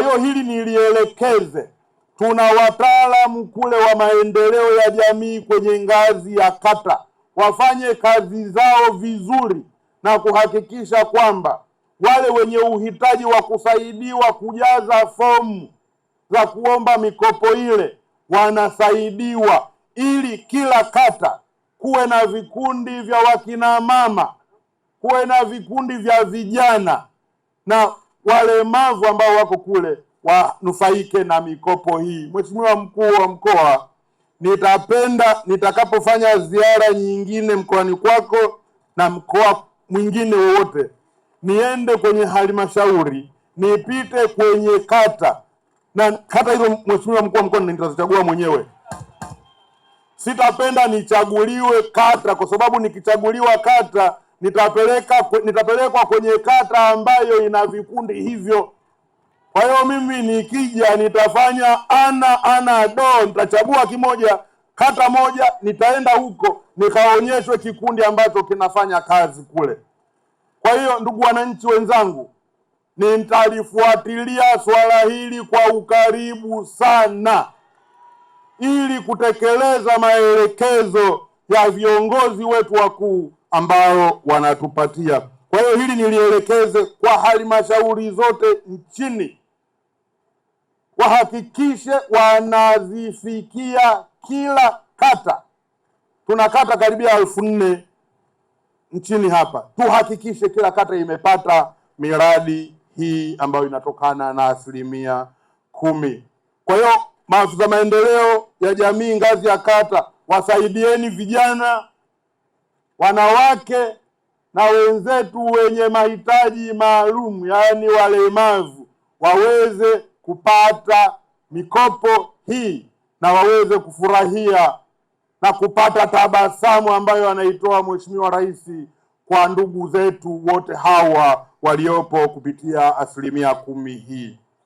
Kwa hiyo hili nilielekeze, tuna wataalamu kule wa maendeleo ya jamii kwenye ngazi ya kata, wafanye kazi zao vizuri na kuhakikisha kwamba wale wenye uhitaji wa kusaidiwa kujaza fomu za kuomba mikopo ile wanasaidiwa, ili kila kata kuwe na vikundi vya wakinamama, kuwe na vikundi vya vijana na walemavu ambao wako kule wanufaike na mikopo hii. Mheshimiwa mkuu wa mkoa, nitapenda nitakapofanya ziara nyingine mkoani kwako na mkoa mwingine wowote, niende kwenye halmashauri, nipite kwenye kata na kata hizo, mheshimiwa mkuu wa mkoa, nitazichagua mwenyewe. Sitapenda nichaguliwe kata, kwa sababu nikichaguliwa kata nitapeleka nitapelekwa kwenye kata ambayo ina vikundi hivyo. Kwa hiyo mimi nikija, nitafanya ana ana do, nitachagua kimoja, kata moja, nitaenda huko nikaonyeshwe kikundi ambacho kinafanya kazi kule. Kwa hiyo, ndugu wananchi wenzangu, nitalifuatilia swala hili kwa ukaribu sana ili kutekeleza maelekezo ya viongozi wetu wakuu ambayo wanatupatia. Kwa hiyo hili nilielekeze kwa halmashauri zote nchini, wahakikishe wanazifikia kila kata. Tuna kata karibia elfu nne nchini hapa, tuhakikishe kila kata imepata miradi hii ambayo inatokana na asilimia kumi. Kwa hiyo maafisa maendeleo ya jamii ngazi ya kata, wasaidieni vijana wanawake na wenzetu wenye mahitaji maalum, yaani walemavu, waweze kupata mikopo hii na waweze kufurahia na kupata tabasamu ambayo anaitoa Mheshimiwa Rais kwa ndugu zetu wote hawa waliopo kupitia asilimia kumi hii.